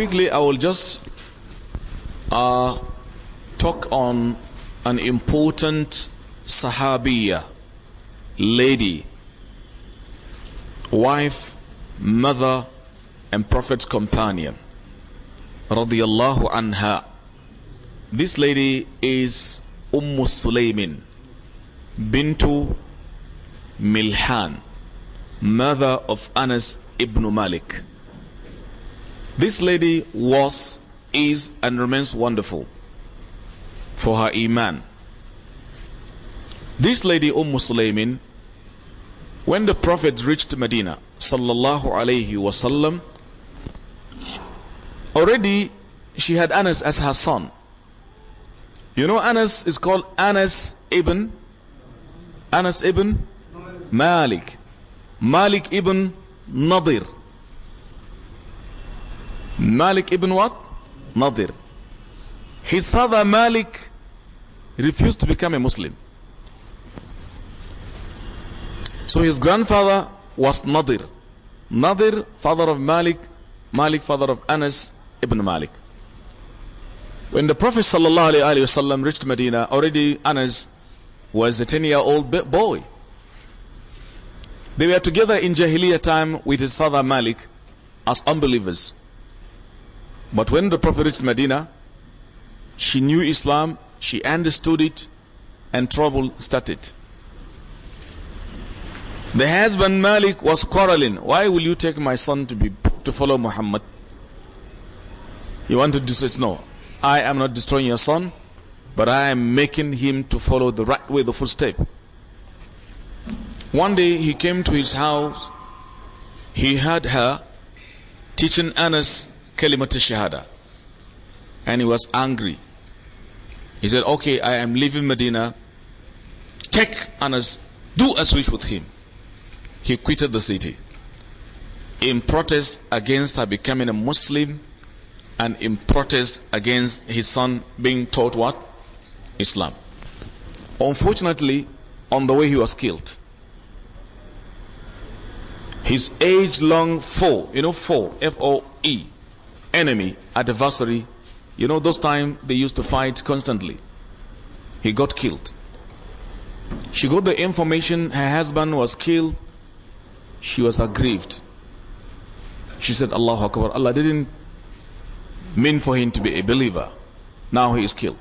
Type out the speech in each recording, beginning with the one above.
quickly, I will just uh, talk on an important Sahabiya, lady, wife, mother, and Prophet's companion. Radiallahu anha. This lady is Umm Sulaymin, bintu Milhan, mother of Anas ibn Malik. This lady was, is, and remains wonderful for her Iman. This lady, Umm Sulaymin, when the Prophet reached Medina, sallallahu alayhi wasallam, already she had Anas as her son. You know, Anas is called Anas ibn Anas ibn Malik, Malik ibn Nadir. Malik ibn what? Nadir. His father Malik refused to become a Muslim. So his grandfather was Nadir. Nadir, father of Malik, Malik, father of Anas ibn Malik. When the Prophet ﷺ reached Medina, already Anas was a 10 year old boy. They were together in Jahiliyyah time with his father Malik as unbelievers. But when the Prophet reached Medina, she knew Islam, she understood it, and trouble started. The husband Malik was quarreling. Why will you take my son to be to follow Muhammad? You want to destroy? No, I am not destroying your son, but I am making him to follow the right way, the full step. One day he came to his house. He heard her teaching Anas kalimat shahada. And he was angry. He said, Okay, I am leaving Medina. Take Anas, do as wish with him. He quitted the city in protest against her becoming a Muslim and in protest against his son being taught what? Islam. Unfortunately, on the way he was killed. His age long foe, you know, foe, F O E, enemy, adversary. You know, those times they used to fight constantly. He got killed. She got the information her husband was killed. She was aggrieved. She said, Allahu Akbar. Allah didn't mean for him to be a believer. Now he is killed.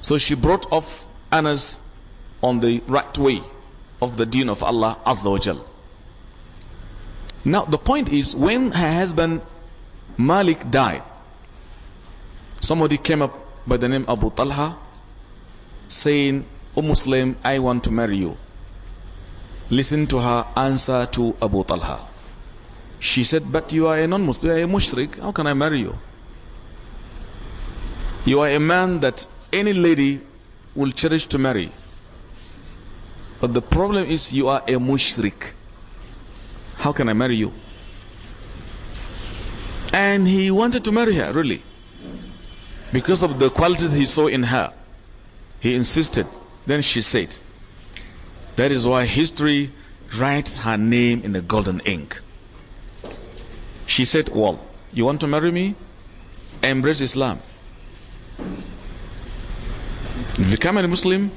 So she brought off Anas on the right way of the deen of Allah Azza wa Jal. Now the point is when her husband Malik died. Somebody came up by the name Abu Talha saying, O Muslim, I want to marry you. Listen to her answer to Abu Talha. She said, But you are a non Muslim, you are a mushrik, how can I marry you? You are a man that any lady will cherish to marry. But the problem is, you are a mushrik. How can I marry you? And he wanted to marry her, really, because of the qualities he saw in her. He insisted. Then she said, That is why history writes her name in the golden ink. She said, Well, you want to marry me? Embrace Islam. Become a Muslim?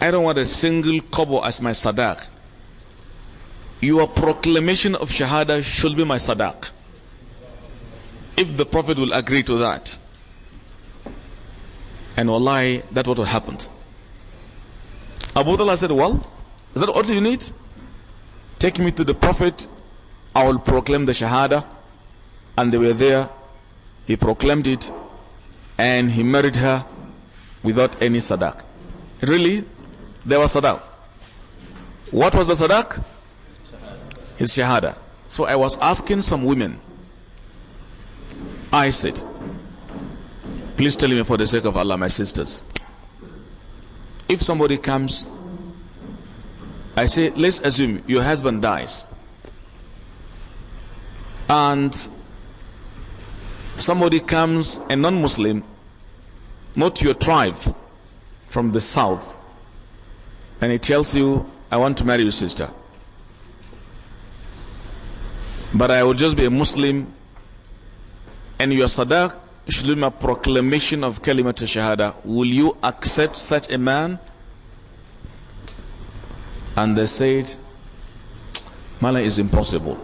I don't want a single kobo as my sadaq. Your proclamation of Shahada should be my sadaq. If the Prophet will agree to that. And wallahi, that what happened. Abu Talha said, well, is that all you need? Take me to the Prophet. I will proclaim the Shahada. And they were there. He proclaimed it. And he married her without any sadaq. Really, there was sadaq. What was the sadaq? His shahada. So I was asking some women I said. Please tell me for the sake of Allah, my sisters. If somebody comes, I say, let's assume your husband dies. And somebody comes, a non Muslim, not your tribe, from the south, and he tells you, I want to marry your sister. But I will just be a Muslim and your sadaq should be proclamation of kalimat shahada. Will you accept such a man? And they said, Mala is impossible.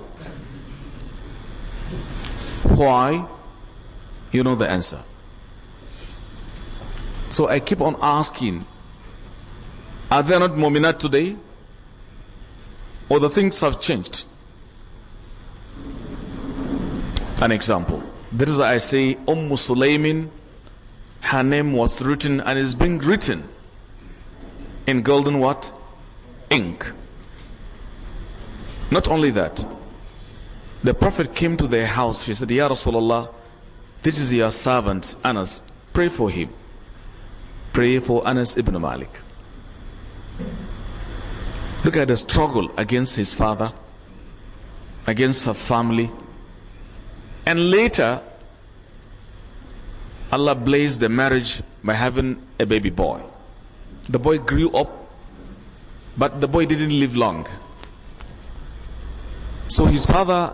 Why? You know the answer. So I keep on asking, are there not mu'minat today? Or the things have changed? An example. That is why I say Umm Sulaimin, her name was written and is being written in golden what? Ink. Not only that, the Prophet came to their house. She said, Ya Rasulullah, this is your servant, Anas. Pray for him. Pray for Anas ibn Malik. Look at the struggle against his father, against her family, and later, Allah blessed the marriage by having a baby boy. The boy grew up, but the boy didn't live long. So his father,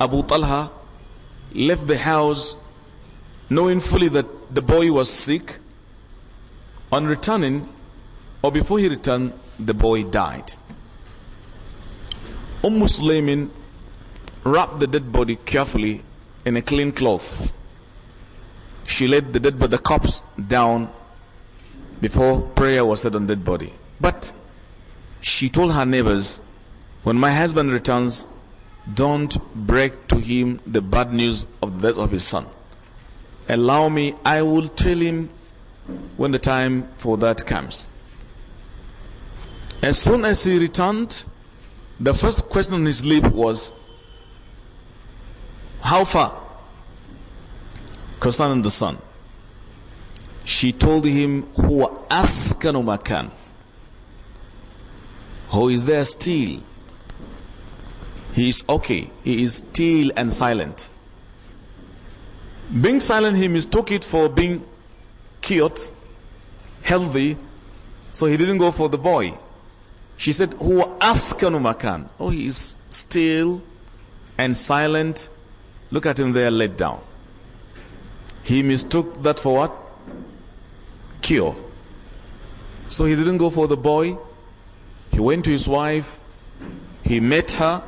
Abu Talha, left the house knowing fully that the boy was sick. On returning, or before he returned, the boy died. Umm Muslimin wrapped the dead body carefully in a clean cloth. She laid the dead body, the corpse down before prayer was said on dead body. But she told her neighbors, when my husband returns, don't break to him the bad news of the death of his son. Allow me, I will tell him when the time for that comes. As soon as he returned, the first question on his lips was, how far? Concerning the son. She told him, Who askanu makan? Who is there still? He is okay. He is still and silent. Being silent, he mistook it for being cute, healthy, so he didn't go for the boy. She said, Who askanu makan? Oh, he is still and silent Look at him there laid down. He mistook that for what? Cure. So he didn't go for the boy. He went to his wife. He met her.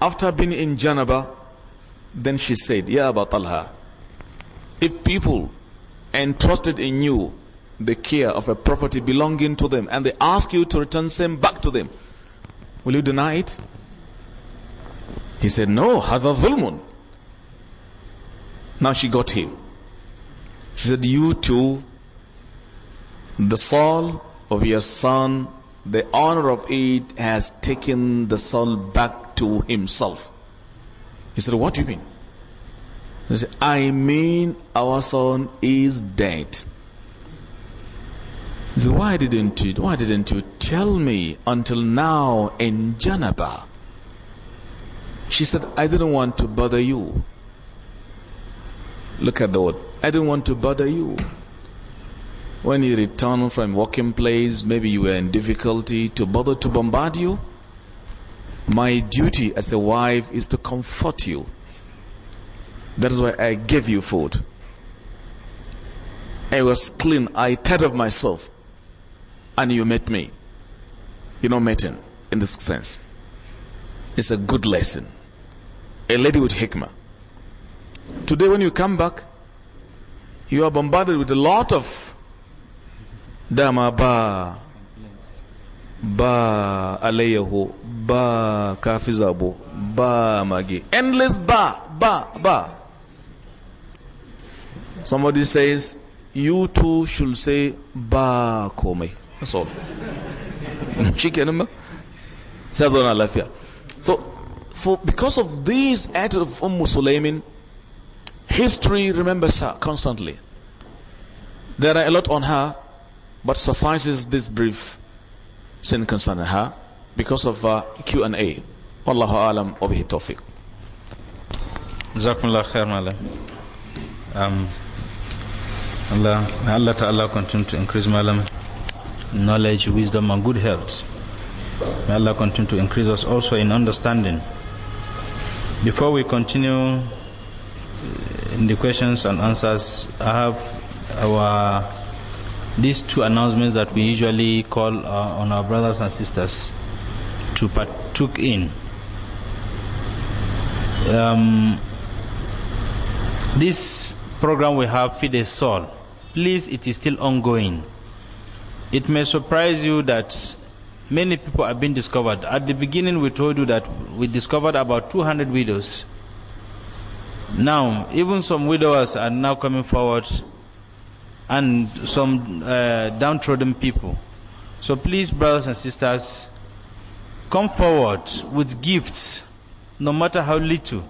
After being in Janaba, then she said, Ya Aba Talha, if people entrusted in you the care of a property belonging to them and they ask you to return same back to them, will you deny it? He said, No, Hadha Zulmun. Now she got him. She said, You too, the soul of your son, the honor of it has taken the soul back to himself. He said, What do you mean? He said, I mean our son is dead. He said, Why didn't you why didn't you tell me until now in Janaba? She said, I didn't want to bother you. Look at the word. I didn't want to bother you. When you return from working place, maybe you were in difficulty to bother to bombard you. My duty as a wife is to comfort you. That is why I gave you food. I was clean. I tired of myself. And you met me. You know, meeting in this sense. It's a good lesson a lady with hikmah. Today, when you come back, you are bombarded with a lot of dama ba, ba alayahu, ba kafizabu, ba magi. Endless ba, ba, ba. Somebody says, you too should say ba kome. That's all. Chicken says on Sai zauna So, for, because of these acts of Umm Sulaymin, history remembers her constantly. There are a lot on her, but suffices this brief sin concerning her because of uh, Q&A. Wallahu alam wa bihi tawfiq. Jazakumullah khair, Malam. Um, Allah, Allah Ta'ala continue to increase Malam knowledge, wisdom and good health. May Allah continue to increase us also in understanding. Before we continue uh, in the questions and answers, I have our these two announcements that we usually call uh, on our brothers and sisters to partook in. Um, this program we have Feed a Soul. Please, it is still ongoing. It may surprise you that many people have been discovered. At the beginning, we told you that we discovered about 200 widows. Now, even some widowers are now coming forward and some uh, downtrodden people. So, please, brothers and sisters, come forward with gifts, no matter how little.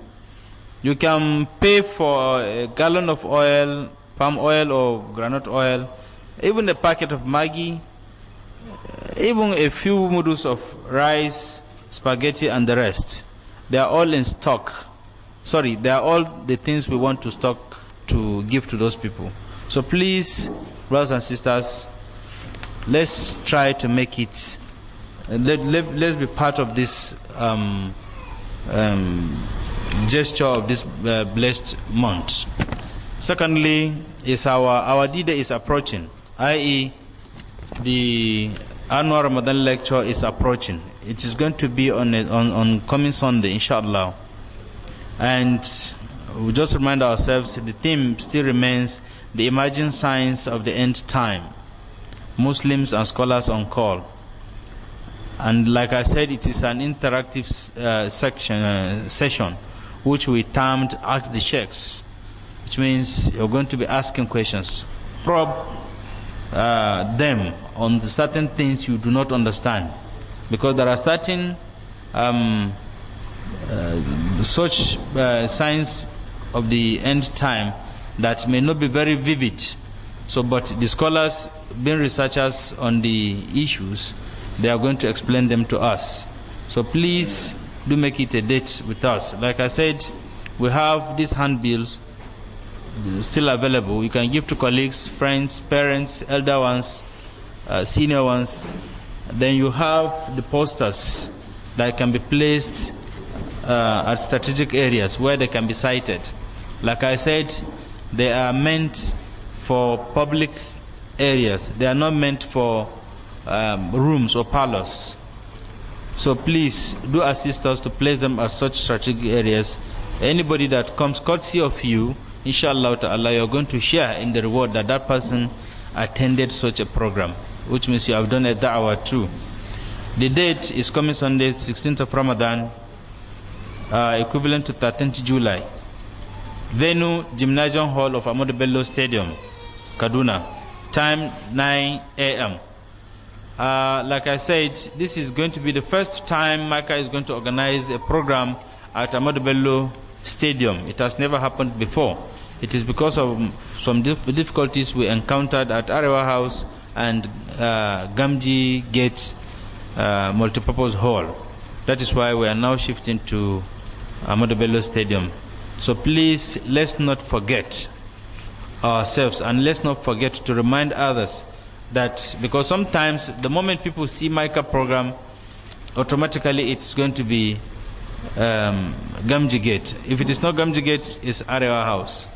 You can pay for a gallon of oil, palm oil, or granite oil, even a packet of Maggie uh, even a few noodles of rice, spaghetti, and the rest. They are all in stock. Sorry, they are all the things we want to stock to give to those people. So please, brothers and sisters, let's try to make it. Uh, let, let, let's be part of this um, um, gesture of this uh, blessed month. Secondly, is our our D-Day is approaching, i.e., the annual Ramadan lecture is approaching. It is going to be on, a, on, on coming Sunday, inshallah. And we just remind ourselves the theme still remains the emerging signs of the end time. Muslims and scholars on call. And like I said, it is an interactive uh, section, uh, session which we termed Ask the Sheikhs, which means you're going to be asking questions. Probe uh, them on certain things you do not understand. Because there are certain um, uh, such uh, signs of the end time that may not be very vivid. So, but the scholars, being researchers on the issues, they are going to explain them to us. So please do make it a date with us. Like I said, we have these handbills still available. You can give to colleagues, friends, parents, elder ones, uh, senior ones. Then you have the posters that can be placed uh, at strategic areas where they can be sighted. Like I said, they are meant for public areas. They are not meant for um, rooms or parlors. So please do assist us to place them at such strategic areas. Anybody that comes courtesy of you, inshallah you're going to share in the reward that that person attended such a program which means you have done a da'wah too. The date is coming Sunday, 16th of Ramadan, uh, equivalent to 13th July. Venue, Gymnasium Hall of Ahmad Bello Stadium, Kaduna. Time 9 a.m. Uh, like I said, this is going to be the first time Micah is going to organize a program at Ahmad Bello Stadium. It has never happened before. It is because of some difficulties we encountered at Arewa House and uh, Gamji Gate uh, multipurpose hall. That is why we are now shifting to Amado Stadium. So please, let's not forget ourselves and let's not forget to remind others that because sometimes the moment people see MICA program, automatically it's going to be um, Gamji Gate. If it is not Gamji Gate, it's Area House.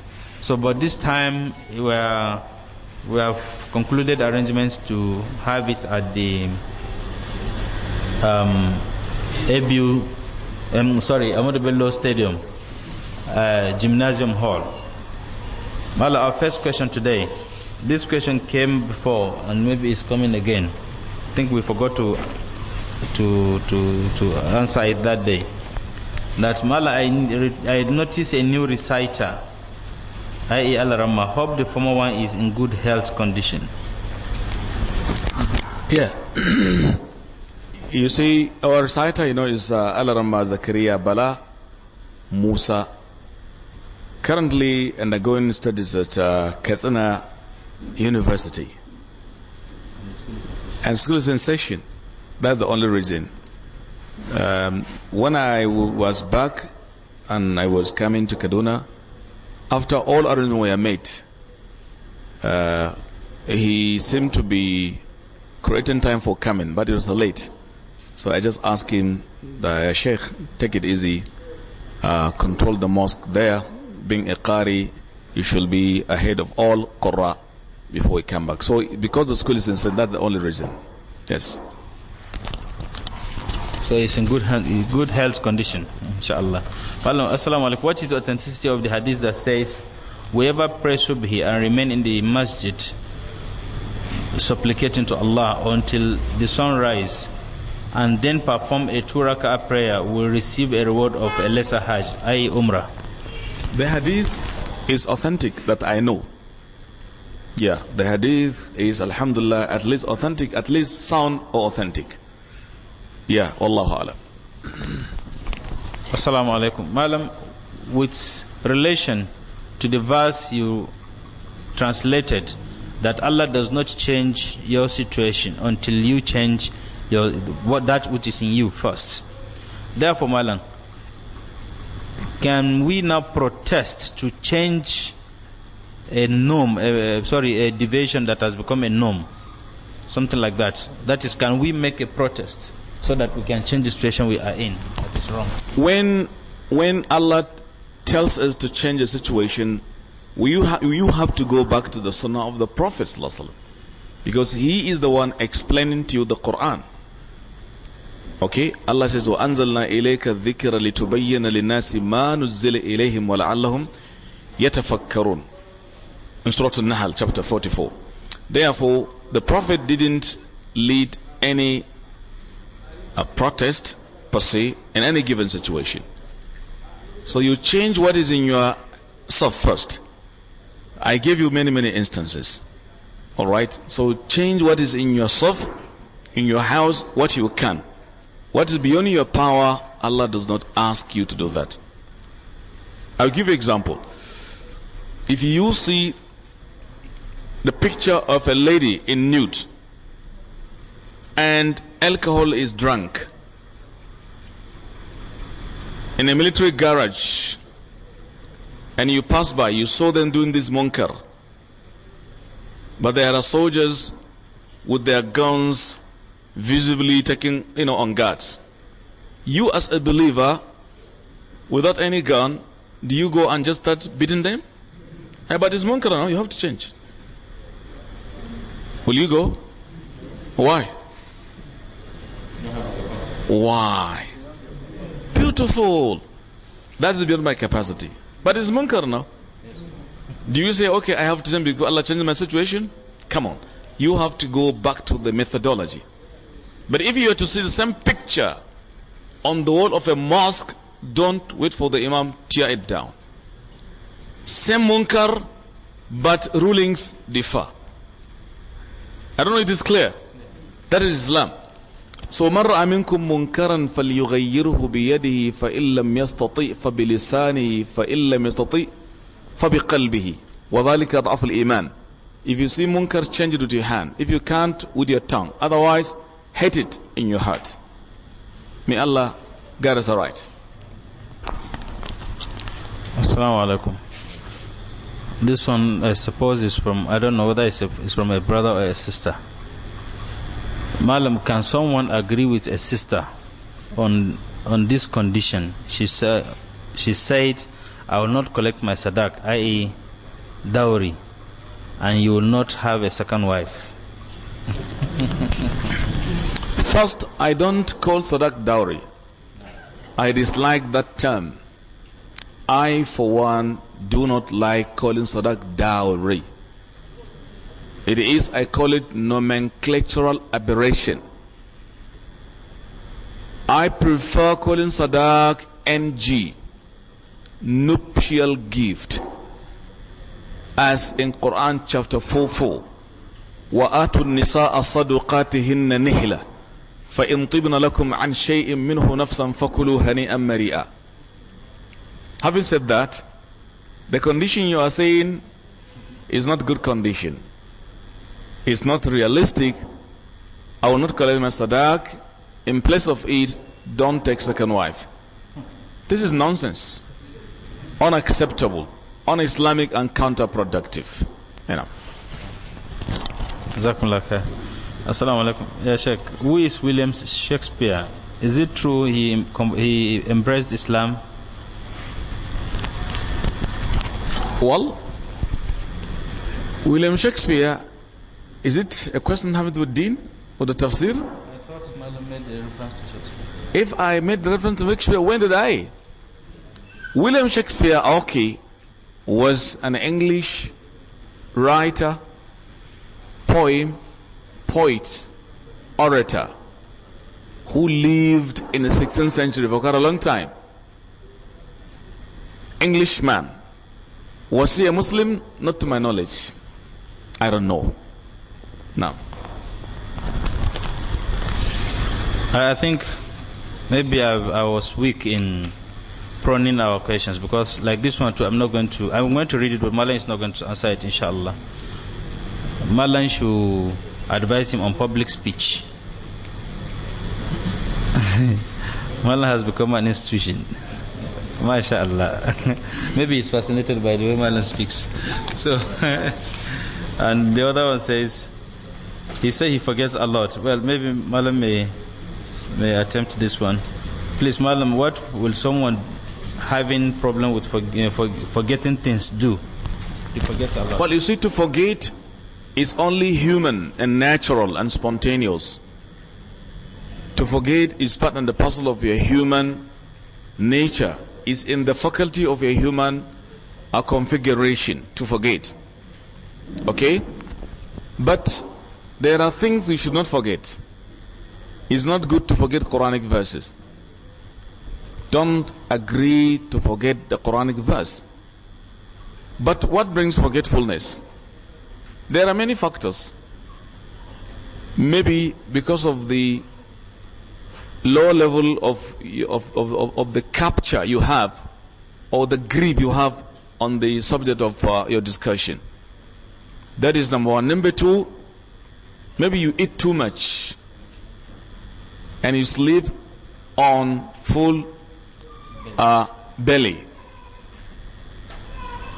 So, but this time we are we have concluded arrangements to have it at the um, ABU, um, sorry, Amadou Stadium, uh, Gymnasium Hall. Well, our first question today, this question came before and maybe it's coming again. I think we forgot to, to, to, to answer it that day. That Mala, I, I noticed a new reciter i.e. Al-Rama, hope the former one is in good health condition. Yeah. you see, our reciter, you know, is uh, Al-Rama Zakaria Bala Musa. Currently undergoing studies at uh, Katsina University. And school sensation. That's the only reason. Um, when I was back and I was coming to Kaduna, after all arrangements were made, uh, he seemed to be creating time for coming, but it was late. So I just asked him, the Sheikh, take it easy, uh, control the mosque there. Being a Qari, you should be ahead of all Qurra before we come back. So because the school is in St. that's the only reason. Yes. So it's in good, good health condition inshallah. Malam, assalamu alaikum. What is the authenticity of the hadith that says, whoever prays subhi and remain in the masjid, supplicating to Allah until the sunrise, and then perform a two prayer will receive a reward of a lesser hajj, i.e. umrah. The hadith is authentic that I know. Yeah, the hadith is alhamdulillah at least authentic, at least sound or authentic. Yeah, Allahu Alam. Assalamu alaikum. Malam, with relation to the verse you translated, that Allah does not change your situation until you change your what that which is in you first. Therefore, Malang, can we now protest to change a norm, sorry, a deviation that has become a norm? Something like that. That is, can we make a protest? so that we can change the situation we are in that is wrong. When, when Allah tells us to change a situation, you, ha you have to go back to the sunnah of the Prophet because he is the one explaining to you the Quran. Okay, Allah says, وَأَنزَلْنَا إِلَيْكَ الذِّكْرَ لِتُبَيِّنَ لِلنَّاسِ مَا نُزِّلَ إِلَيْهِمْ وَلَعَلَّهُمْ يَتَفَكَّرُونَ In Surah Al-Nahl, chapter 44. Therefore, the Prophet didn't lead any a protest per se in any given situation. So you change what is in your self first. I gave you many, many instances. All right. So change what is in yourself, in your house, what you can. What is beyond your power, Allah does not ask you to do that. I'll give you example. If you see the picture of a lady in nude and alcohol is drunk in a military garage and you pass by, you saw them doing this monker, But there are soldiers with their guns visibly taking, you know, on guard. You as a believer, without any gun, do you go and just start beating them? Hey, but it's monker now, you have to change. Will you go? Why? Why? Beautiful. That's beyond my capacity. But it's munkar now. Do you say, okay, I have to change because Allah changed my situation? Come on. You have to go back to the methodology. But if you are to see the same picture on the wall of a mosque, don't wait for the Imam, tear it down. Same munkar, but rulings differ. I don't know if it is clear. That is Islam. So من رأى منكم منكرا فليغيره بيده فإن لم يستطيع فبلسانه فإن لم يستطيع فبقلبه وذلك أضعف الإيمان If you see munkar, change it with your hand. If you can't, with your tongue. Otherwise, hate it in your heart. May Allah guide us aright. Assalamu alaikum. This one, I suppose, is from, I don't know whether it's from a brother or a sister. Malam, can someone agree with a sister on on this condition? She said, she said, I will not collect my sadak, i.e., dowry, and you will not have a second wife. First, I don't call sadak dowry. I dislike that term. I, for one, do not like calling sadak dowry. It is, I call it nomenclatural aberration. I prefer calling Sadak NG, nuptial gift, as in Quran chapter 4 4. وآتوا النساء صدقاتهن نهلة فإن طبن لكم عن شيء منه نفسا فكلوا هنيئا مريئا Having said that, the condition you are saying is not good condition is not realistic, I will not him my sadaq. In place of it, don't take second wife. This is nonsense, unacceptable, un-Islamic and counterproductive. You know. Jazakumullah Assalamu alaikum. Yeah, Sheikh. Who is William Shakespeare? Is it true he, he embraced Islam? Well, William Shakespeare is it a question having to do with deen or the tafsir? I thought Malam made a reference to Shakespeare. If I made the reference to Shakespeare, when did I? William Shakespeare, okay, was an English writer, poem, poet, orator who lived in the 16th century for quite a long time. Englishman. Was he a Muslim? Not to my knowledge. I don't know. Now, I think maybe I, I was weak in proning our questions because, like this one, too, I'm not going to. I'm going to read it, but Malan is not going to answer it, inshallah. Malan should advise him on public speech. Malan has become an institution. MashaAllah. Maybe he's fascinated by the way Malan speaks. So, and the other one says, he said he forgets a lot. Well, maybe Malam may, may attempt this one. Please, Malam, what will someone having problem with for, you know, for, forgetting things do? He forgets a lot. Well, you see, to forget is only human and natural and spontaneous. To forget is part and the parcel of your human nature. Is in the faculty of your human a configuration to forget. Okay? But there are things you should not forget. It's not good to forget Quranic verses. Don't agree to forget the Quranic verse. But what brings forgetfulness? There are many factors. Maybe because of the low level of, of, of, of the capture you have or the grip you have on the subject of uh, your discussion. That is number one. Number two, Maybe you eat too much and you sleep on full uh, belly.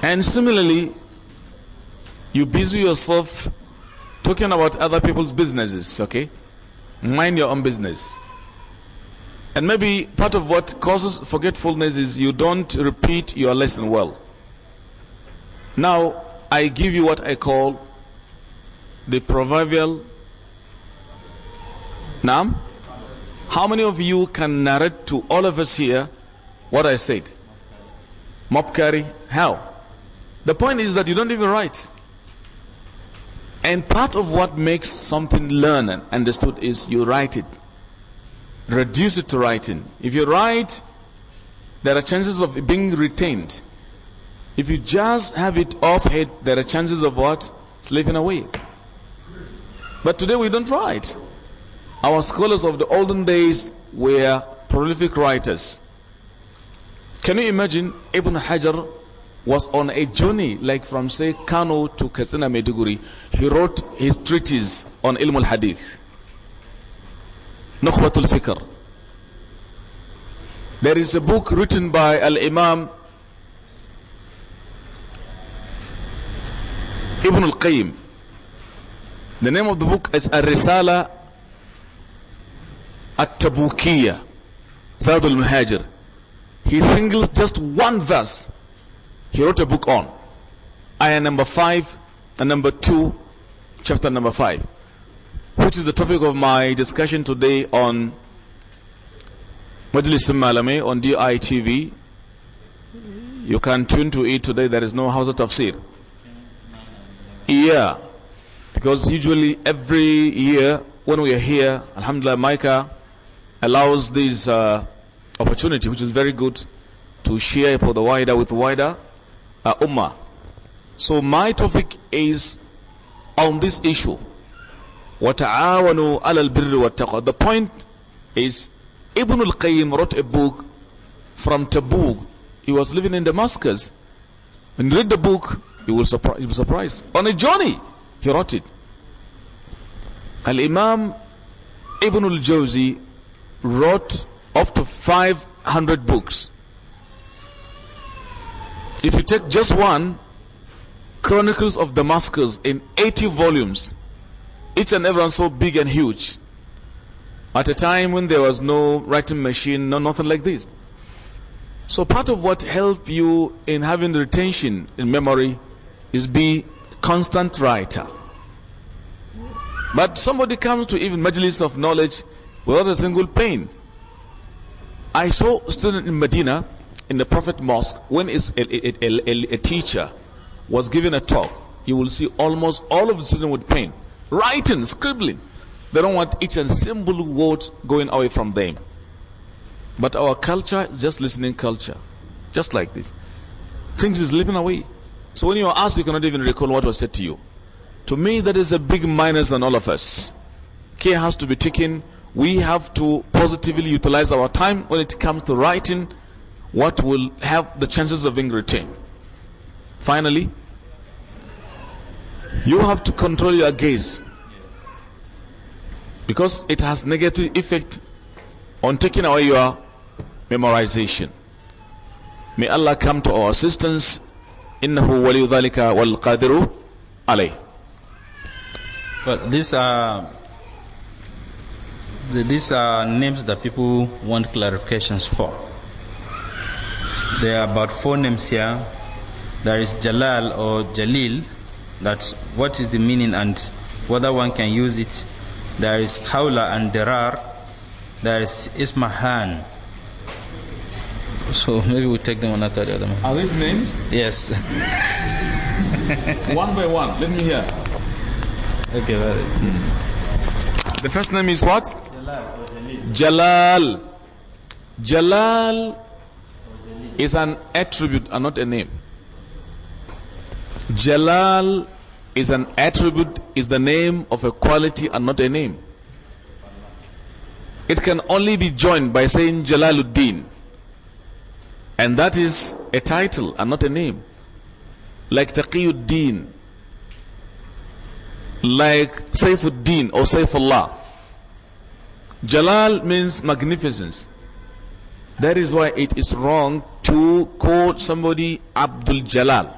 And similarly, you busy yourself talking about other people's businesses, okay? Mind your own business. And maybe part of what causes forgetfulness is you don't repeat your lesson well. Now, I give you what I call the proverbial Nam? How many of you can narrate to all of us here what I said? Mop carry how? The point is that you don't even write. And part of what makes something learned and understood is you write it. Reduce it to writing. If you write, there are chances of it being retained. If you just have it off head, there are chances of what? Slipping away. But today we don't write. Our scholars of the olden days were prolific writers. Can you imagine Ibn Hajar was on a journey like from say Kano to Katsina Meduguri. He wrote his treatise on Ilm al-Hadith. Nukhbatul Fikr. There is a book written by Al-Imam Ibn al-Qayyim the name of the book is Ar-Risala At-Tabukiyya, Saad al-Muhajir. He singles just one verse. He wrote a book on. Ayah number 5 and number 2, chapter number 5. Which is the topic of my discussion today on Majlis Malame on DITV. You can tune to it today. There is no House of Tafsir. Yeah. Because usually every year when we are here, Alhamdulillah, Micah allows this uh, opportunity, which is very good, to share for the wider with wider uh, ummah. So my topic is on this issue. وَتَعَاوَنُوا عَلَى الْبِرِّ وَالتَّقْوَى The point is Ibn al-Qayyim wrote a book from Tabuk. He was living in Damascus. When you read the book, you will, you will be surprised. On a journey. He wrote it. Al-Imam Ibn al-Jawzi wrote up to 500 books. If you take just one, Chronicles of Damascus in 80 volumes, each and every one so big and huge, at a time when there was no writing machine, no nothing like this. So part of what helps you in having retention in memory is be constant writer. But somebody comes to even majlis of knowledge without a single pain. I saw student in Medina, in the Prophet Mosque, when a, a, a, a teacher was giving a talk, you will see almost all of the students with pain. Writing, scribbling. They don't want each and single word going away from them. But our culture is just listening culture. Just like this. Things is slipping away. So when you are asked, you cannot even recall what was said to you. To me, that is a big minus on all of us. Care has to be taken. We have to positively utilize our time when it comes to writing what will have the chances of being retained. Finally, you have to control your gaze because it has negative effect on taking away your memorization. May Allah come to our assistance إنه ولي ذلك والقادر عليه But these are these are names that people want clarifications for. There are about four names here. There is Jalal or Jalil. That's what is the meaning and whether one can use it. There is Hawla and Dirar. There is Ismahan. So maybe we'll take them one after the other. Are these names? Yes. one by one. Let me hear. Okay, well. Hmm. The first name is what? Jalal. Jalal is an attribute and not a name. Jalal is an attribute, is the name of a quality and not a name. It can only be joined by saying Jalaluddin. And that is a title and not a name. Like Taqiyuddin, like Saifuddin or Saifullah. Jalal means magnificence. That is why it is wrong to call somebody Abdul Jalal.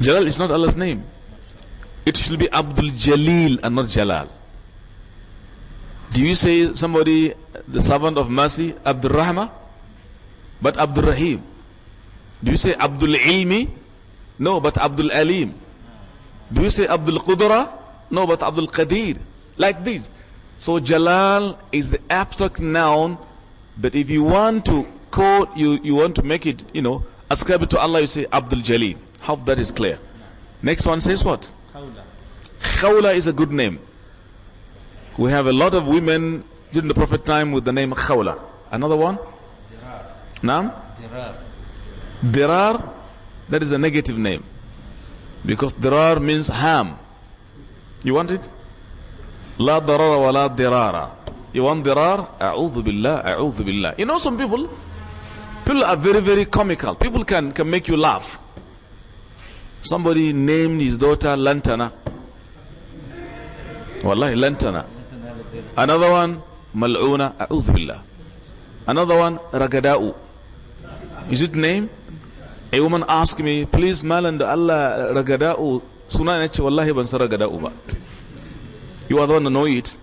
Jalal is not Allah's name. It should be Abdul Jalil and not Jalal. Do you say somebody the servant of mercy, Abdul Rahma, but Abdul Rahim. Do you say Abdul Ilmi? No, but Abdul Alim. Do you say Abdul Qudra? No, but Abdul Qadir. Like this. So Jalal is the abstract noun that if you want to call, you, you want to make it, you know, ascribe it to Allah, you say Abdul Jalil. Hope that is clear. Next one says what? Khawla. Khawla is a good name. We have a lot of women during the Prophet time with the name Khawla. Another one? Dirar. Naam? Dirar. Dirar, that is a negative name. Because dirar means ham. You want it? لا darara ولا la You want dirar? A'udhu بالله a'udhu بالله. You know some people, people are very, very comical. People can, can make you laugh. Somebody named his daughter Lantana. Wallahi, Lantana. Another one, Mal'una, a'udhu billah. Another one, Ragada'u. Is it name? A woman asked me, please malanda Allah Ragada'u. Suna na ce, wallahi ban Ragada'u ba. You are the one to know it.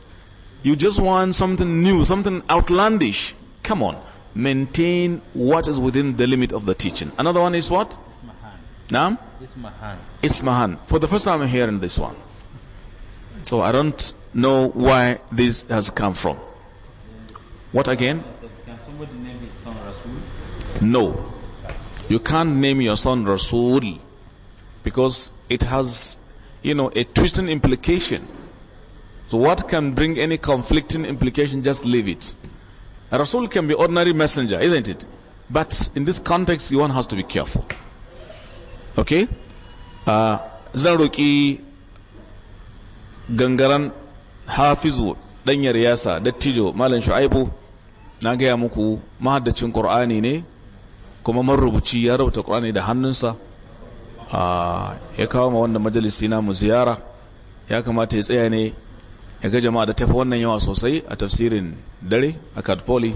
You just want something new, something outlandish. Come on. Maintain what is within the limit of the teaching. Another one is what? Naam? Ismahan. Ismahan. For the first time I'm hearing this one. So I don't know where this has come from. What again? No. You can't name your son Rasul because it has, you know, a twisting implication. So what can bring any conflicting implication, just leave it. A Rasul can be ordinary messenger, isn't it? But in this context, one has to be careful. Okay? Uh, Zan Gangaran, hafizu ɗanyar Detijo, dattijo Shu'aibu na gaya muku mahaddacin ƙur'ani ne kuma marubuci ya rubuta ƙur'ani da hannunsa ya kawo ma wannan majalisi mu ziyara ya kamata ya tsaya ne ya ga jama'a da tafi wannan yawa sosai a tafsirin dare a katfoli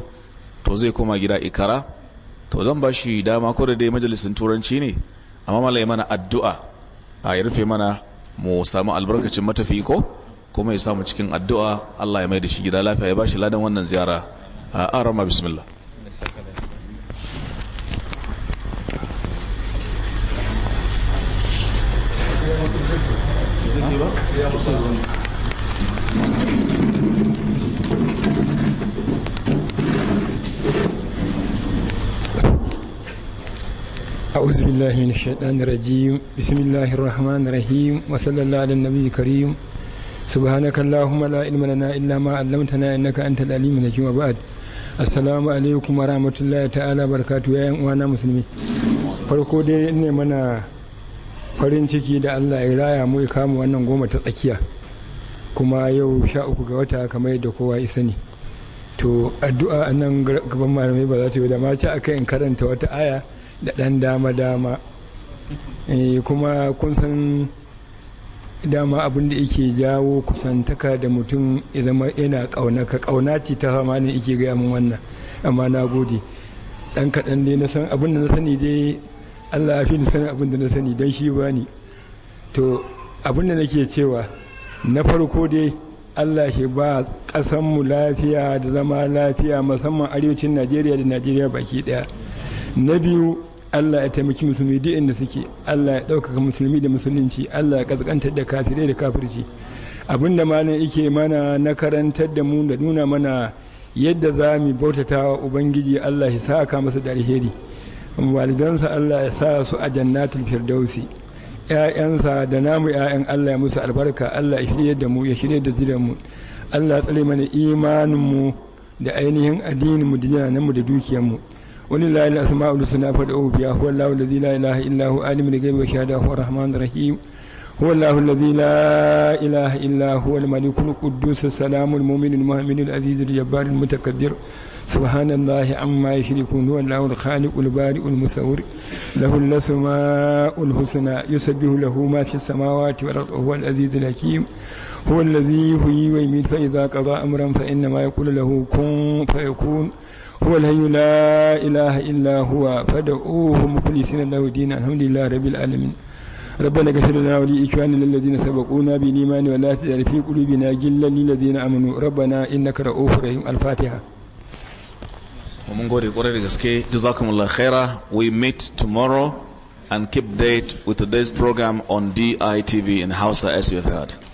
to zai koma gida ikara to zan ba shi dama ko da dai majalisin turanci ne amma malai mana addu'a a ya rufe mana mu samu albarkacin matafi ko kuma ya samu cikin addu'a Allah ya mai da shi gida lafiya ya ba shi ladan wannan ziyara أرمى آه، بسم الله أعوذ بالله من الشيطان الرجيم بسم الله الرحمن الرحيم وصلى الله على النبي الكريم سبحانك اللهم لا علم لنا إلا ما علمتنا إنك أنت العليم الحكيم وبعد assalamu alaikum wa rahmatullahi ta'ala barkatu ya yan uwana musulmi farko dai ne mana farin ciki da allah ya raya mu ya kama wannan goma ta tsakiya kuma yau sha uku ga wata kamar yadda kowa ya sani to addu'a a nan gaban malamai ba za ta yi da ma ci aka in karanta wata aya da ɗan dama dama eh, kuma kun san dama abin da yake jawo kusantaka da mutum ya zama yana ƙaunaka ƙauna ce ta fama ne yake gaya min wannan amma na gode ɗan kaɗan dai na san abin da na sani dai allah ya fi ni sanin abin da na sani don shi ba ni to abin da nake cewa na farko dai allah shi ba ƙasanmu lafiya da zama lafiya musamman arewacin najeriya da najeriya baki ɗaya na biyu Allah ya taimaki musulmi duk inda suke Allah ya ɗaukaka musulmi da musulunci Allah ya ƙasƙantar da kafirai da kafirci abin da malam yake mana na karantar da mu da nuna mana yadda za mu bautata wa ubangiji Allah ya saka masa da alheri walidansa Allah ya sa su a jannatul firdausi ƴaƴansa da namu ƴaƴan Allah ya musu albarka Allah ya shirye da mu ya shirye da zira mu Allah ya tsare mana imanin mu da ainihin addinin mu da mu da dukiyar mu ولله الأسماء الحسنى فادعوه بها هو الله الذي لا إله إلا هو عالم الغيب والشهادة هو الرحمن الرحيم هو الله الذي لا إله إلا هو الملك القدوس السلام المؤمن المؤمن العزيز الجبار المتكبر سبحان الله عما يشركون هو الله الخالق البارئ المصور له الأسماء الحسنى يسبح له ما في السماوات والأرض هو العزيز الحكيم هو الذي يحيي ويميت فإذا قضى أمرا فإنما يقول له كن فيكون هو الهي لا إله إلا هو فدعوه مخلصين له دين الحمد لله رب العالمين ربنا اغفر لنا ولإخواننا الذين سبقونا بالإيمان ولا تجعل في قلوبنا غلا للذين آمنوا ربنا إنك رؤوف رحيم الفاتحة mun gode kwarai da gaske jazakumullah khaira we meet tomorrow and keep date with today's program on DITV in Hausa as you have heard